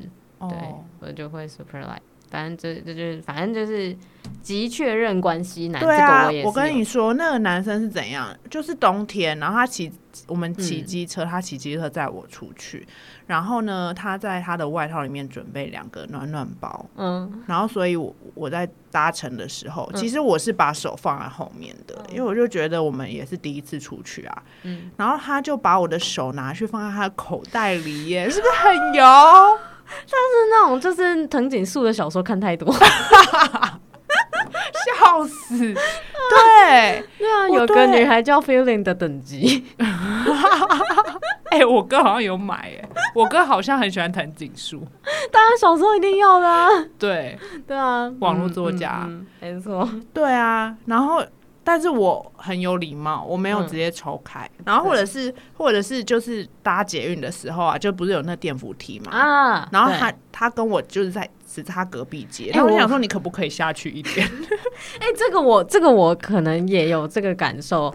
A: 對我就會 super like。反正這這就是，反正就是急確認關係。男生、對啊，我跟你
B: 說，那個男生是怎樣？就是冬天，然後他騎我們騎機車，嗯、他騎機車載我出去。然後呢，他在他的外套裡面準備兩個暖暖包。嗯，然後所以我，我我在搭乘的時候，其實我是把手放在後面的，嗯、因為我就覺得我們也是第一次出去啊。嗯，然後他就把我的手拿去放在他的口袋裡，耶，是不是很油？ 像是那種，就是藤
A: 井樹的小說看太多，
B: 笑
A: 死！
B: 對， 對啊，有個女孩
A: 叫 “Feeling” 的等級。
B: 哎、 欸，我哥好像有買，哎，我哥好像很喜歡藤井樹。大家 小時候一定要的、啊，對對啊，網絡作家、嗯嗯、沒錯，對啊，然後。但是我很有禮貌，我沒有直接抽開。嗯、然後或者是，對或者是就是搭捷運的時候啊，就不是有那電扶梯嘛？
A: 啊、然後他
B: 對他跟我就是在只差隔壁階，欸、然後我想說，你可不可以下去一點？
A: 哎，這個我這個我可能也有這個感受，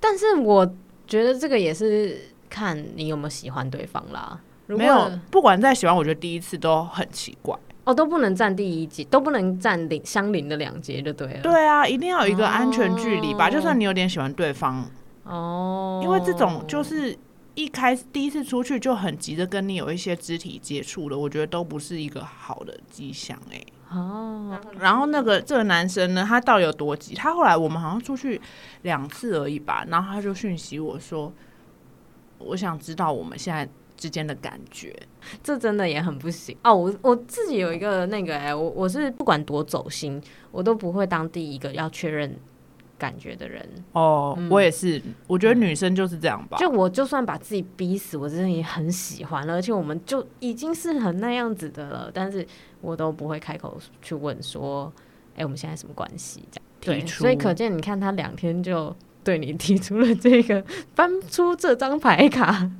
A: 但是我覺得這個也是看
B: 你有沒有喜歡對方啦。沒有，不管再喜歡，我覺得第一次都很奇怪。
A: 哦，都不能占第一節，都不能占領相鄰的兩節就對了。
B: 對啊，一定要有一個安全距離吧。Oh. 就算你有點喜歡對方，哦
E: ，oh. 因為這種
B: 就是一開始第一次出去就很急着跟你有一些肢體接觸的，我覺得都不是一個好的跡象哎、
A: 欸。
B: 哦。Oh. 然後那個這個男生呢，他到底有多急？他後來我們好像出去兩次而已吧，然後他就訊息我說，我想知道我們現在之間的感覺。這真的也很不行哦！我我自己有一
A: 個那個哎、欸，我我是不管多走心，我都不會當第一個要確認感覺的人
B: 哦。嗯、我也是，我覺得女生就是這樣吧、嗯。就
A: 我就算把自己逼死，我真的也很喜歡了，而且我們就已經是很那樣子的了，但是我都不會開口去問說，哎、欸，我們現在什麼關係這樣？對，提出。所以可見，你看他兩天就對你提出了這個，翻出這張牌卡。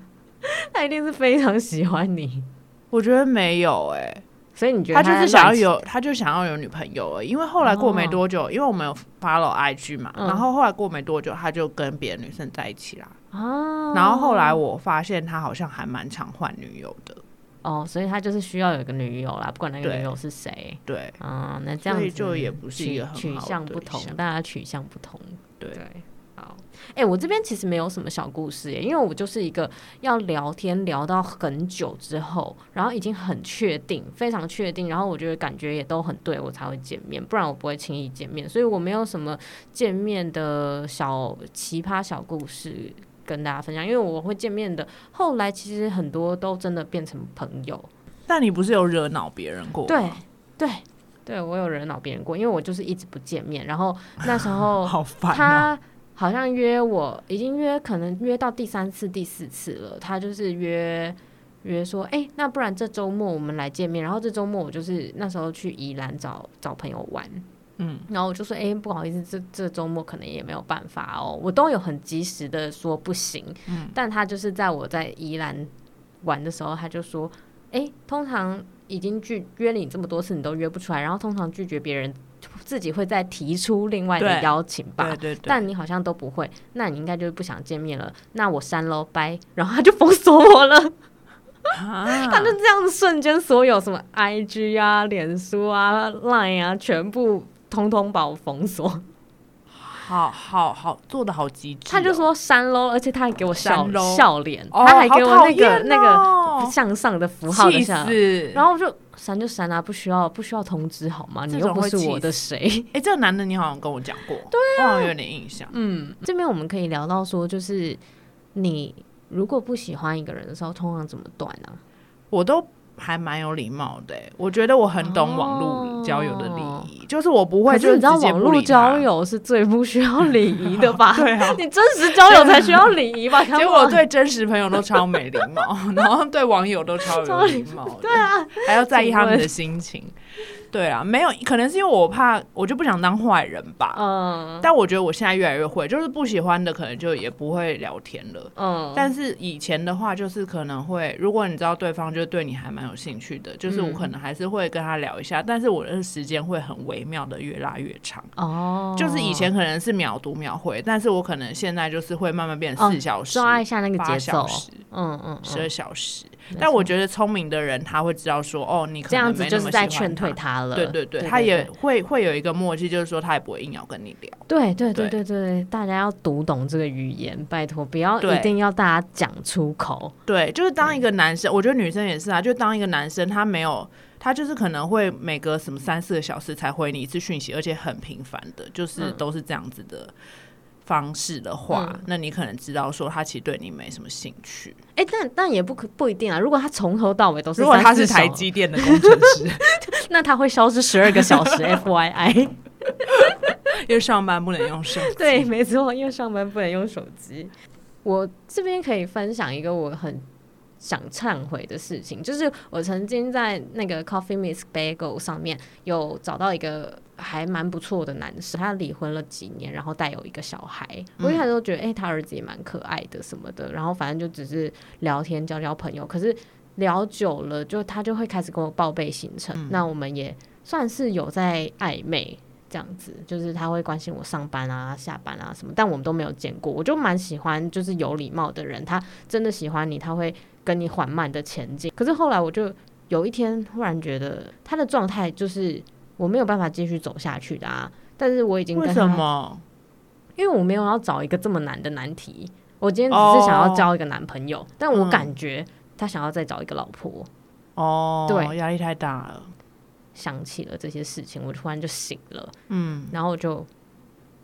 A: 他一定是非常喜歡你，我覺得沒有哎、欸，所以你覺得他，
B: 他就是想要有，他就想要有女朋友了，欸。因為後來過沒多久，哦，因為我們有 follow IG 嘛，嗯，然後後來過沒多久，他就跟別的女生在一起啦。啊，
C: 哦，然後後來
B: 我發現他好像還蠻常換女友的。哦，所以他就是需要有一個女友啦，不管那個女友是誰。對，嗯，那這樣就也不是一個很好的取，取向不同，大家取向
A: 不同，對。對。誒、欸，我這邊其實沒有什麼小故事耶，因為我就是一個要聊天聊到很久之後，然後已經很確定，非常確定，然後我覺得感覺也都很對，我才會見面，不然我不會輕易見面，所以我沒有什麼見面的小奇葩小故事跟大家分享，因為我會見面的，後來其實很多都真的變成朋友。
B: 但你不是有惹惱別人過嗎？對
A: 對對，我有惹惱別人過，因為我就是一直不見面，然後那時候他 好煩、啊。好像約我已經約，可能約到第三次、第四次了。他就是約約說，哎、欸，那不然這周末我們來見面。然後這周末我就是那時候去宜蘭找找朋友玩，嗯，然後我就說，哎、欸，不好意思，這這周末可能也沒有辦法哦。我都有很及時的說不行，嗯，但他就是在我在宜蘭玩的時候，他就說，哎、欸，通常已經拒約了你這麼多次，你都約不出來，然後通常拒絕別人。自己會再提出另外的邀請吧，對對對但你好像都不會，那你應該就是不想見面了。那我刪嘍，拜，然後他就封鎖我了，啊、 他就這樣子瞬間，所有什麼 IG 啊、臉書啊、LINE 啊，全部通通把我封鎖。好好好，做得好極致、哦。他就說刪嘍，而且他還給我小笑笑臉，哦、他還給我那個、哦、那個向上的符號的下，是司，思。然後我就刪就刪啊，不需要不需要通知好嗎？你又不是我的誰？
B: 哎、欸，這個男的你好像跟我講過，好像、啊哦、有點印象。嗯，
A: 這邊我們可以聊到說，就是你如果不喜
B: 歡一個人的時候，通常怎麼斷呢、啊？我都。還蠻有禮貌的、欸，我覺得我很懂網絡交友的禮儀，哦、就是我不會就是，可是你知道網絡
A: 交友是最不需
B: 要禮儀的吧？對啊，你真實交友才需要禮儀吧？ 結果我對真實朋友
A: 都
C: 超
B: 沒禮貌， 然後對網友都超有禮貌的，超禮
C: 貌，對啊，還要在意他們的
B: 心情。因為 對啊，沒有，可能是因為我怕，我就不想當壞人吧。嗯，但我覺得我現在越來越會，就是不喜歡的，可能就也不會聊天了。嗯，但是以前的話，就是可能會，如果你知道對方就對你還蠻有興趣的，就是我可能還是會跟他聊一下。嗯、但是我的時間會很微妙的越拉越長。
E: 哦，就是以前可能是
B: 秒讀秒回，但是我可能現在就是會慢慢變四小時，刷、嗯、一下那個節奏，八小時，嗯嗯，十二小時。嗯嗯嗯但我覺得聰明的人他會知道說哦，你可能這樣子就是在勸退他了。對對對，他也會會有一個默契，就是說他也不會硬要跟你聊。對
A: 對對對，對對對對，大家要讀懂這個語言，拜托不要對一定要大家講出口。
B: 對，就是當一個男生，嗯、我覺得女生也是啊，就當一個男生他沒有，他就是可能會每隔什麼三四個小時才回你一次訊息，而且很頻繁的，就是都是這樣子的。嗯方式的話，嗯、那你可能知道說他其實對你沒什麼興趣。
A: 哎、欸，但但也不可不一定啊。如果他從頭到尾都是，如果他是台積電的工
B: 程師， 那他會消失十二個小時。F Y I，
A: 因為
B: 上班不能
A: 用手機。對，沒錯，因為上班不能用手機。 我這邊可以分享一個我很想懺悔的事情，就是我曾經在那個 Coffee Meets Bagel 上面有找到一個。還蠻不錯的男士，他離婚了幾年，然後帶有一個小孩。我一開始都覺得，哎、欸，他兒子也蠻可愛的什麼的。然後反正就只是聊天交交朋友，可是聊久了，就他就會開始跟我報備行程。嗯、那我們也算是有在曖昧這樣子，就是他會關心我上班啊、下班啊什麼。但我們都沒有見過，我就蠻喜歡就是有禮貌的人。他真的喜歡你，他會跟你緩慢的前進。可是後來我就有一天忽然覺得他的狀態就是。我沒有辦法繼續走下去的啊！但是我已經跟他，為什麼？因為我沒有要找一個這麼難的難題。我今天只是想要交一個男朋友，哦、但我感覺他想要再找一個老婆。
B: 哦、嗯，對，
A: 壓力太大了。想起了這些事情，我突然就醒了。嗯，然後就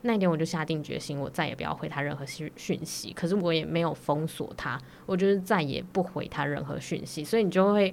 A: 那一天我就下定決心，我再也不要回他任何訊訊息。可是我也沒有封鎖他，我就是再也不回他任何訊息。所以你就會。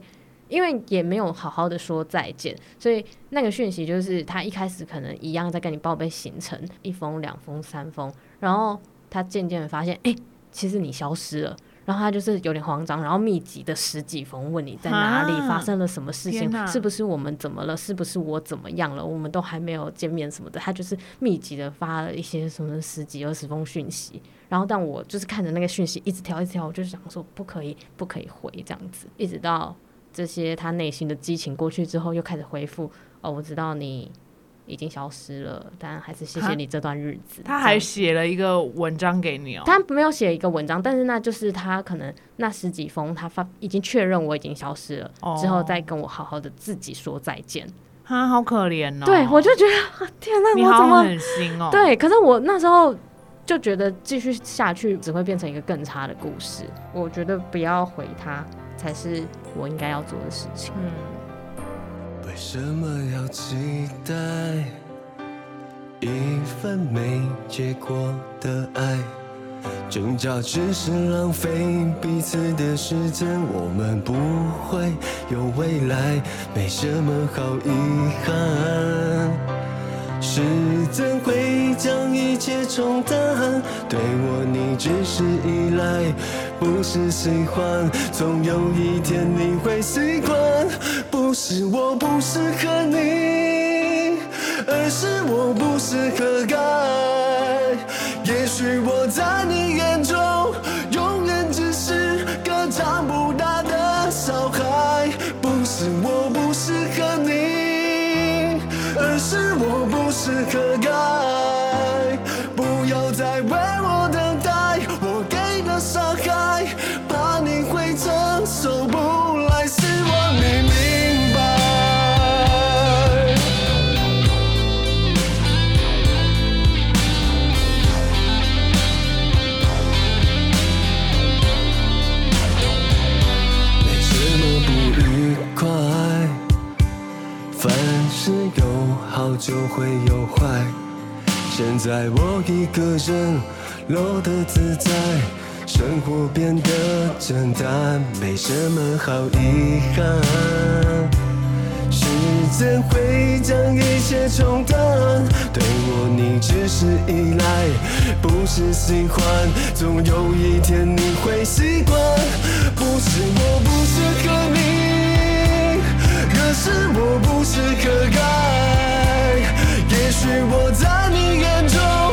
A: 因為也沒有好好的說再見，所以那個訊息就是他一開始可能一樣在跟你報備行程，一封、兩封、三封，然後他漸漸的發現，哎、欸，其實你消失了，然後他就是有點慌張，然後密集的十幾封問你在哪裡，哈發生了什麼事情，天哪是不是我們怎麼了，是不是我怎麼樣了，我們都還沒有見面什麼的，他就是密集的發了一些什麼十幾二十封訊息，然後但我就是看着那個訊息一直跳，一直跳，我就想說不可以，不可以回這樣子，一直到。這些他內心的激情過去之後，又開始回復。哦，我知道你已經消失了，但還是謝謝你這段日子。蛤對他還寫
B: 了一個文章給你哦。他
A: 沒有寫一個文章，但是那就是他可能那十幾封他發，已經確認我已經消失了、哦、之後，再跟我好好的自己說再見。
B: 他、嗯、好可憐哦。對我就覺得天哪、啊，我怎麼你好狠心哦。對，可是我那
A: 時候就覺得繼續下去只會變成一個更差的故事。我覺得不要回他，才是我應該要做的事情。
F: 嗯。為什麼要期待一份沒結果的愛，掙扎只是浪費彼此的時間，我們不會有未來，沒什麼好遺憾，時間會將一切沖淡。對我你只是依賴不是喜歡，總有一天你會習慣。不是我不適合你，而是我不適合愛。
E: 也許我在你眼中。
F: 就會有壞。又又現在我一個人，落得自在，生活變得簡單，沒什麼好遺憾。時間會將一切沖淡，對我你只是依賴，不是喜歡。總有一天你會習慣，不是我不適合你，可是我不適
E: 合愛。是我在你眼中。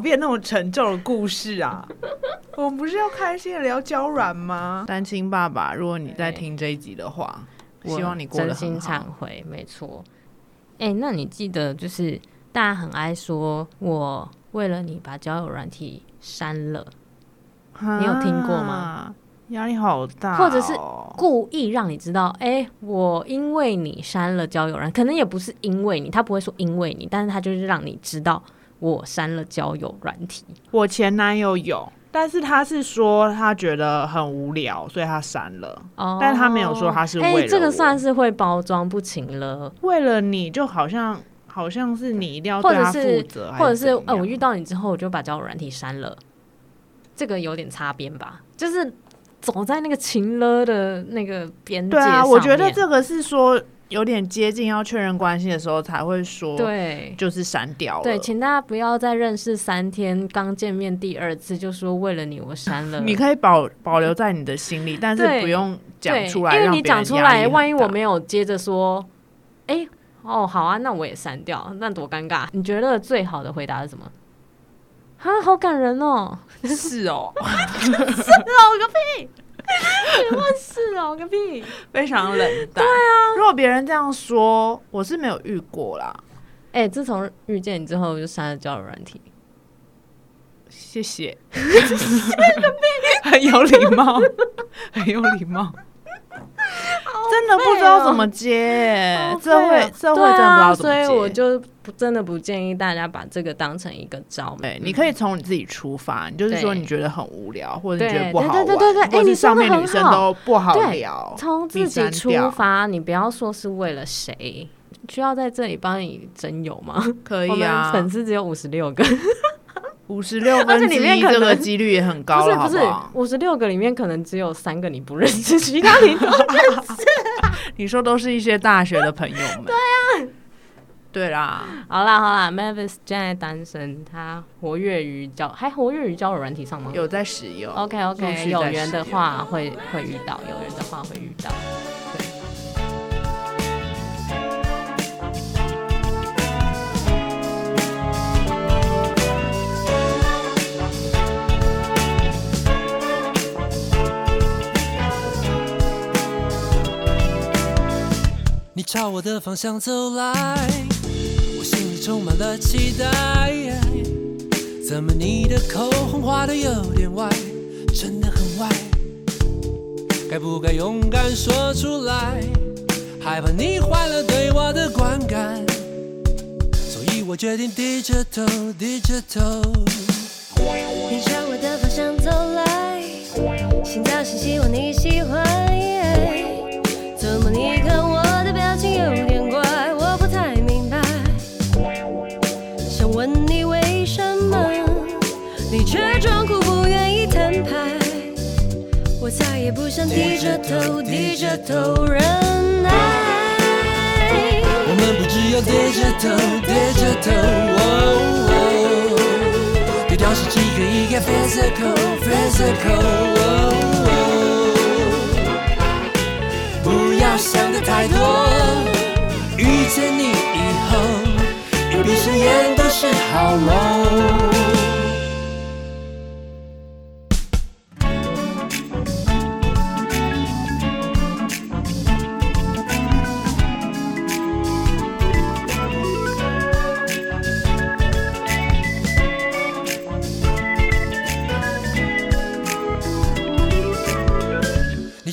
B: 變那麼沉重的故事啊！ 我們不是要開心的聊交軟嗎？ 單親爸爸，如果你在聽這一集的話，我 Okay. 希望你過得很好，我真心懺悔。沒錯，哎、
A: 欸，那你記得就是大家很愛說我為了你把交友軟體刪了，
C: 啊、你有聽
A: 過嗎？壓力好大、哦，或者是故意讓你知道，哎、欸，我因為你刪了交友軟，可能也不是因為你，他不會說因為你，但是他就是讓你知道。
B: 我刪了交友軟體，我前男友有，但是他是說他覺得很無聊，所以他刪了，oh, 但他沒有說他是為了我。hey, 這個算是會包裝，不情勒，為了你就好像好像是你一定要對他負責，或者是
A: 哎、呃，我遇到你之後我就把交友軟體刪了，這個有點擦邊吧，就是走在那個情勒的那個邊界。對啊，我覺得這
B: 個是說。有點接近要確認關係的時候才會說，對，就是刪掉。對，
A: 請大家不要再認識三天，剛見面第二次就說為了你我刪了。你可以
B: 保保留在你的心裡， 但是不用講出來，因為你講出來、欸，萬
A: 一我沒有接着說，哎、欸，哦，好啊，那我也刪掉，那多尷尬。你覺得最好的回答是什麼？哈，好感人哦！ 是哦，是哦，個屁。你事啊哦， 我個屁！
B: 非常冷淡，對啊，如果別人這樣說，我是沒有遇過啦。哎、 欸，自從遇見你之後，就刪了交友軟體。謝謝，謝個屁！很有禮禮貌，很有禮貌。哦、真的不知道怎麼接，
A: 哦、這會這會真的不知道怎麼接，啊、所以我就不真的不建議大家把這個當成一個招妹。嗯、你
B: 可以從你自己出發，你就是說你覺得很無聊，對或者你覺得不好玩，或是上面女生都不好聊、欸好對，從自己出
A: 發。你不要說是為了誰需要在這裡幫你徵友嗎？可以啊，粉絲只有五
B: 十六個。 五十
A: 六分之一，這個機
B: 率也很高了，好不好？不是不
A: 是，五十六個裡面可能只有三個你不認識，其他你都認識。你說都是一些
B: 大學的朋友們。 對啊，
A: 對啦，啦。好啦好啦，Mavis 現在單身，他活躍於交還活躍於交友軟體上嗎？有在使用。OK OK，有緣的話會會遇到，有緣的話會遇到。
D: 你朝我的方向走來，我心裡充滿了期待。怎麼你的口紅畫的有點歪，真的很歪。該不該勇敢說出來？害怕你壞了對我的觀感，所以我決定低着頭，低着頭。你朝我
C: 的方向走來，心跳聲希望你喜歡。不想低着頭，低着頭忍耐。
D: 我們不只有低着頭，低着頭。對調十幾個億個 physical，physical physical，oh oh。不要想得太多，遇見你以後，一閉上眼都是好
C: 夢，哦。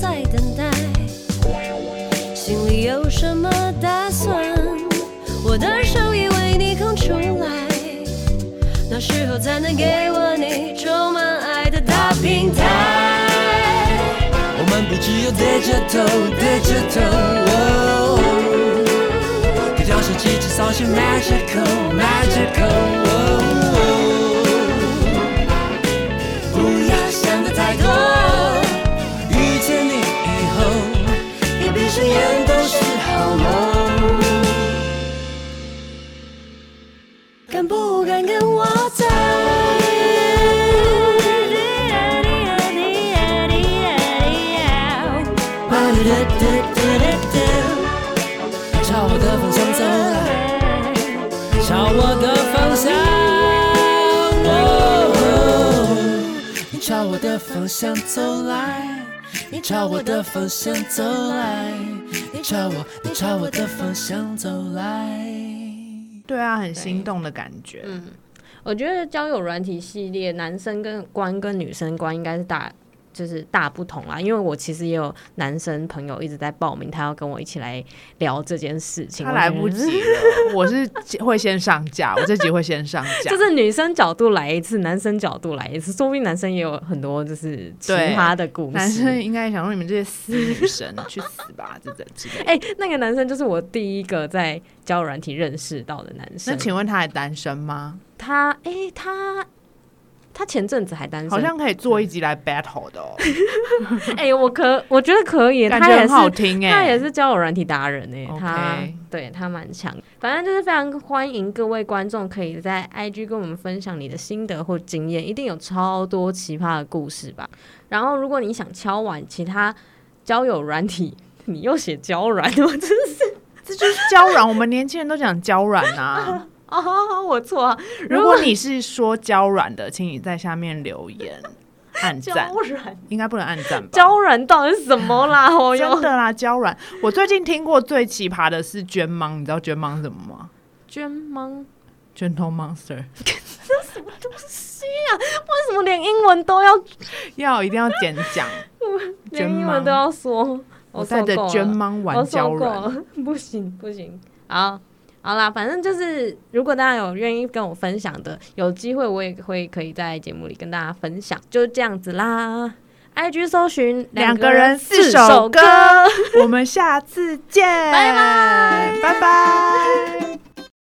C: 在等待，心裡有什麼打算？我的手已為你空出來，那時候才能給我你充滿愛的大平台。
D: 我們不只有 digital, digital digital，別讓手機製造些 magical magical。
C: 都是好夢，敢不敢跟我走？朝我的方向走來，
D: 朝我的方向，哦，朝我的方向走來。你朝我的方向走來，你朝我，你朝我的方向走來。
B: 對啊，
A: 很心動的感覺。嗯，我覺得交友軟體系列，男生跟觀跟女生觀應該是大。就是大不同啦，因為我其實也有男生朋友一直在報名，他要跟我一起來聊這件事情。他來不及了 我是會先上架， 我這集會先上架。就是女生角度來一次，男生角度來一次，說不定男生也有很多就是奇葩的故事。男
B: 生應該想讓你們這些死女生去死吧， 這這這。哎、欸，
A: 那個男生就是我第一個在交友軟體認識到的男生。那請問
B: 他還單身嗎？
A: 他，哎、欸，他。
B: 他前陣子還單身，好像可以做一集來 battle 的、
A: 哦。哎、 欸，我可我覺得可以，很好聽，他也是，他也是交友軟體達人哎 Okay，他對，他蠻強。反正就是非常歡迎各位觀眾可以在 IG 跟我們分享你的心得或經驗，一定有超多奇葩的故事吧。然後如果你想敲碗其他交友軟體，你
B: 又寫交軟，我真的是這就是交軟， 我們年輕人都講交軟啊。啊，我錯啊！如果你是說膠軟的，請你在下面留言，按讚。膠軟應該不能按讚吧？膠軟到底是什麼啦？真的啦，膠軟。我最近聽過最奇葩的是捲毛，你知道捲毛什麼嗎？
A: 捲毛
B: ，Gentle Monster，
A: 這什麼東西啊？為什麼連英文都
B: 要要一定要簡講？
A: 連英文都要說。我帶着捲毛玩膠軟，不行不行
B: 啊！好啦，反正就是，如
A: 果大家有願意跟我分享的，有機會我也會可以在節目裡跟大家分享，就這樣子啦。IG 搜尋兩個人四首歌，首歌 我們下次見，拜拜 bye，拜拜 bye。